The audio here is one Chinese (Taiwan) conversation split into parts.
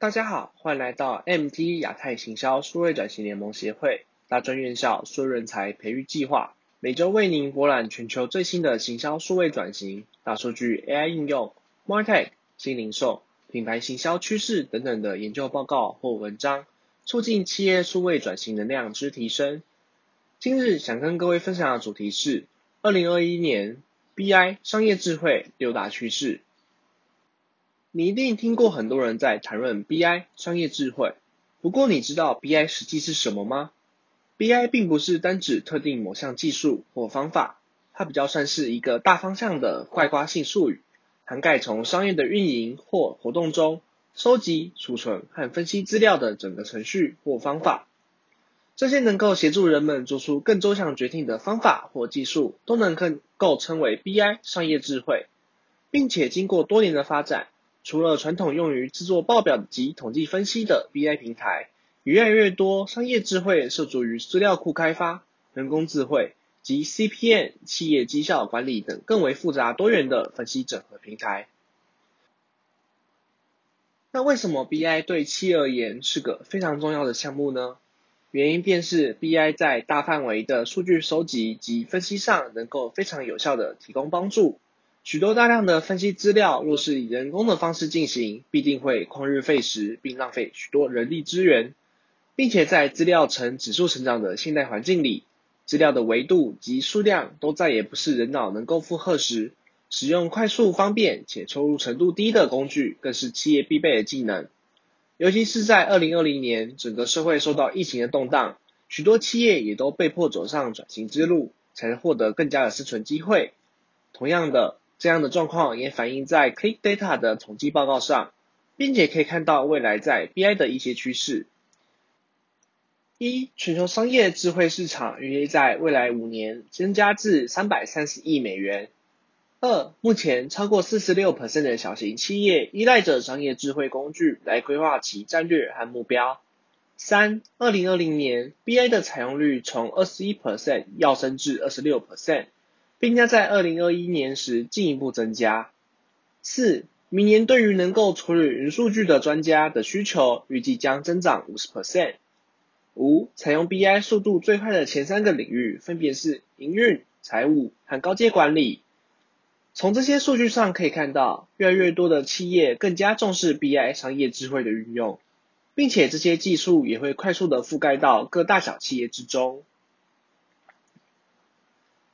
大家好，歡迎來到 AMT 亞太行銷數位轉型聯盟協會大專院校數位人才培育計劃，每周為您博覽全球最新的行銷數位轉型、大數據、AI 應用、Martech、新零售、品牌行銷趨勢等等的研究報告或文章，促進企業數位轉型能量之提升。今日想跟各位分享的主題是二零二一年 BI 商業智慧六大趨勢。你一定聽過很多人在談論 BI 商業智慧，不過你知道 BI 實際是什麼嗎？BI 並不是單指特定某項技術或方法，它比較算是一個大方向的外掛性術語，涵蓋從商業的運營或活動中收集、儲存和分析資料的整個程序或方法。這些能夠協助人們做出更周詳決定的方法或技術，都能夠稱為 BI 商業智慧，並且經過多年的發展。除了傳統用於製作報表及統計分析的 BI 平台，越來越多商業智慧涉足於資料庫開發、人工智慧及 CPM 企業績效管理等更為複雜多元的分析整合平台。那為什麼 BI 對企業而言是個非常重要的項目呢？原因便是 BI 在大範圍的數據收集及分析上，能夠非常有效的提供幫助。許多大量的分析資料，若是以人工的方式進行，必定會曠日費時，並浪費許多人力資源。並且在資料呈指數成長的現代環境裡，資料的維度及數量都再也不是人腦能夠負荷時，使用快速方便且投入程度低的工具，更是企業必備的技能。尤其是在二零二零年，整個社會受到疫情的動盪，許多企業也都被迫走上轉型之路，才能獲得更加的生存機會。同樣的。這樣的狀況也反映在 Click Data 的統計報告上，並且可以看到未來在 BI 的一些趨勢：一、全球商業智慧市場預計在未來五年增加至330億美元；二、目前超過46%的小型企業依賴着商業智慧工具來規劃其戰略和目標；三、2020年 BI 的採用率從21%躍升至26%。並將在二零二一年時進一步增加。四、明年對於能夠處理雲數據的專家的需求預計將增長五十%。五、採用 BI 速度最快的前三個領域分別是營運、財務和高階管理。從這些數據上可以看到，越來越多的企業更加重視 BI 商業智慧的運用，並且這些技術也會快速的覆蓋到各大小企業之中。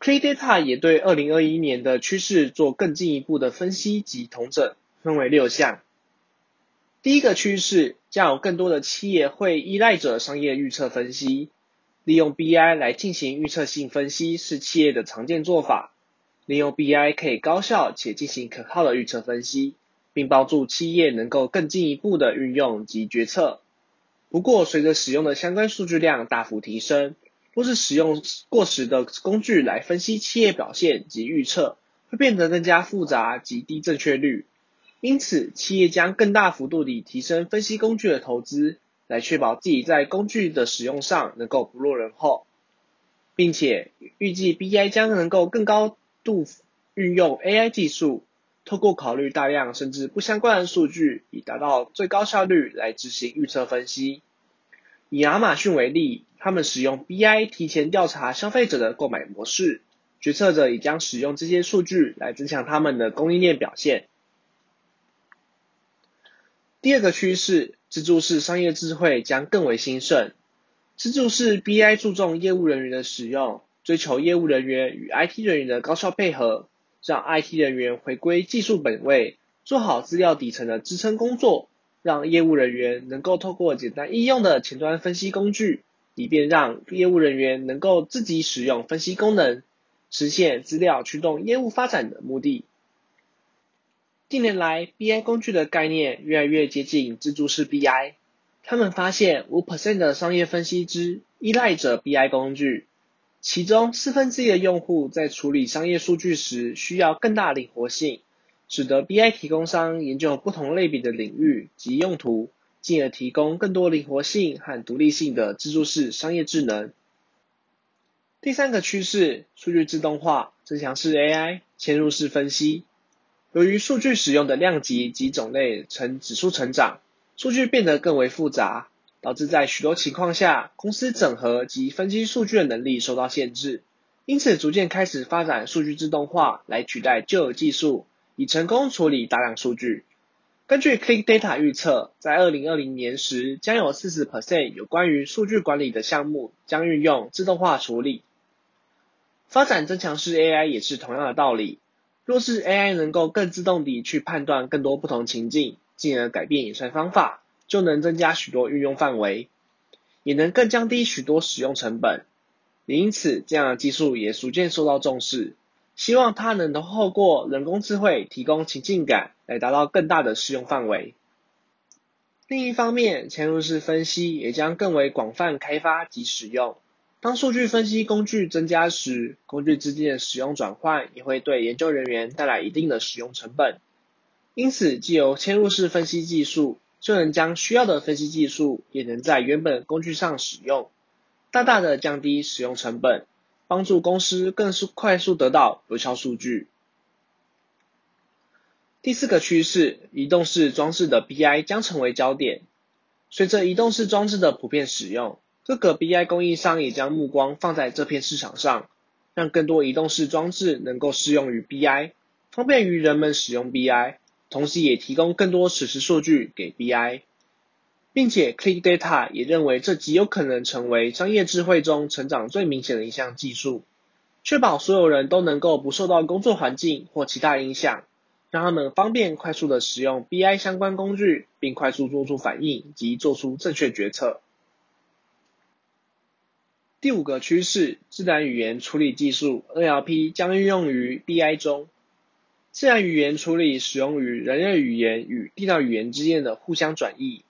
K Data 也對二零二一年的趨勢做更進一步的分析及統整，分為六項。第一個趨勢，將有更多的企業會依賴着商業預測分析，利用 BI 來進行預測性分析是企業的常見做法。利用 BI 可以高效且進行可靠的預測分析，並幫助企業能夠更進一步的運用及決策。不過，隨着使用的相關數據量大幅提升，或是使用過時的工具來分析企業表現及預測，會變得更加複雜及低正確率。因此，企業將更大幅度地提升分析工具的投資，來確保自己在工具的使用上能夠不落人後，並且預計 BI 將能夠更高度運用 AI 技術，透過考慮大量甚至不相關的數據，以達到最高效率來執行預測分析。以亞馬遜為例，他們使用 BI 提前調查消費者的購買模式，決策者也將使用這些數據來增強他們的供應鏈表現。第二個趨勢，自助式商業智慧將更為興盛。自助式 BI 注重業務人員的使用，追求業務人員與 IT 人員的高效配合，讓 IT 人員回歸技術本位，做好資料底層的支撐工作。讓業務人員能夠透過簡單易用的前端分析工具，以便讓業務人員能夠自己使用分析功能，實現資料驅動業務發展的目的。近年來，BI 工具的概念越來越接近自助式 BI。他們發現，5%的商業分析師依賴着 BI 工具，其中四分之一的用戶在處理商業數據時需要更大靈活性。使得 BI 提供商研究不同類別的領域及用途，進而提供更多靈活性和獨立性的自助式商業智能。第三個趨勢：數據自動化、增強式 AI、嵌入式分析。由於數據使用的量級及種類呈指數成長，數據變得更為複雜，導致在許多情況下，公司整合及分析數據的能力受到限制。因此，逐漸開始發展數據自動化來取代舊有技術。已成功處理大量數據。根據 Click Data 預測，在2020年時，將有40%有關於數據管理的項目將運用自動化處理。發展增強式 AI 也是同樣的道理。若是 AI 能夠更自動地去判斷更多不同情境，進而改變演算方法，就能增加許多運用範圍，也能更降低許多使用成本。也因此，這樣的技術也逐漸受到重視。希望它能透過人工智慧提供情境感，來達到更大的適用範圍。另一方面，嵌入式分析也將更為廣泛開發及使用。當數據分析工具增加時，工具之間的使用轉換也會對研究人員帶來一定的使用成本。因此，既有嵌入式分析技術，就能將需要的分析技術也能在原本工具上使用，大大的降低使用成本。幫助公司更快速得到有效數據。第四個趨勢，移動式裝置的 BI 將成為焦點。隨着移動式裝置的普遍使用，各個 BI 供應商也將目光放在這片市場上，讓更多移動式裝置能夠適用於 BI，方便於人們使用 BI，同時也提供更多實時數據給 BI。並且，Click Data 也認為這極有可能成為商業智慧中成長最明顯的一項技術，確保所有人都能夠不受到工作環境或其他影響，讓他們方便快速的使用 BI 相關工具，並快速做出反應及做出正確決策。第五個趨勢，自然語言處理技術 （NLP） 將應用於 BI 中。自然語言處理使用於人類語言與電腦語言之間的互相轉譯。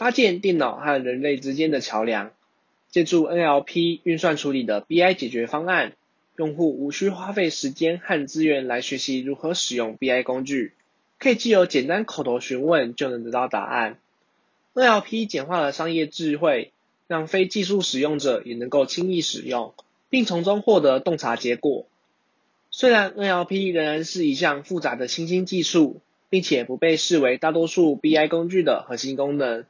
搭建電腦和人類之間的橋梁，借助 NLP 運算處理的 BI 解決方案，用戶無需花費時間和資源來學習如何使用 BI 工具，可以藉由簡單口頭詢問就能得到答案。NLP 簡化了商業智慧，讓非技術使用者也能夠輕易使用，並從中獲得洞察結果。雖然 NLP 仍然是一項複雜的新興技術，並且不被視為大多數 BI 工具的核心功能。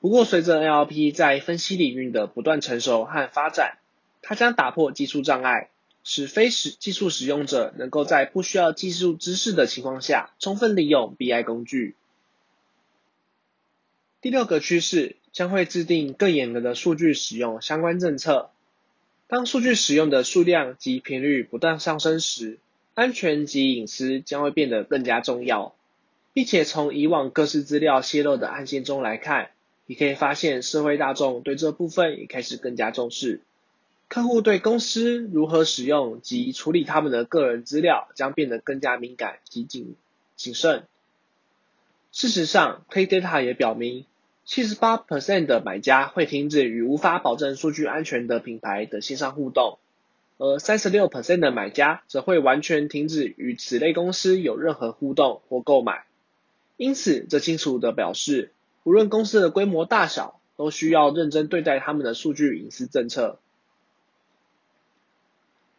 不過，隨着 NLP 在分析領域的不斷成熟和發展，它將打破技術障礙，使非使技術使用者能夠在不需要技術知識的情況下，充分利用 BI 工具。第六個趨勢將會制定更嚴格的數據使用相關政策。當數據使用的數量及頻率不斷上升時，安全及隱私將會變得更加重要，並且從以往各式資料泄露的案件中來看。你可以發現，社會大眾對這部分也開始更加重視。客戶對公司如何使用及處理他們的個人資料將變得更加敏感及謹謹慎。事實上，KData 也表明，七十八 percent 的買家會停止與無法保證數據安全的品牌的線上互動，而三十六 percent 的買家則會完全停止與此類公司有任何互動或購買。因此，這清楚地表示，無論公司的規模大小，都需要認真對待他們的數據隱私政策。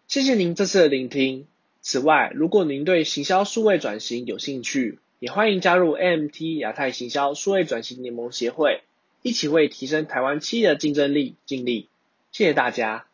謝謝您這次的聆聽。此外，如果您對行銷數位轉型有興趣，也歡迎加入 AMT 亞太行銷數位轉型聯盟協會，一起為提升台灣企業的競爭力盡力。謝謝大家。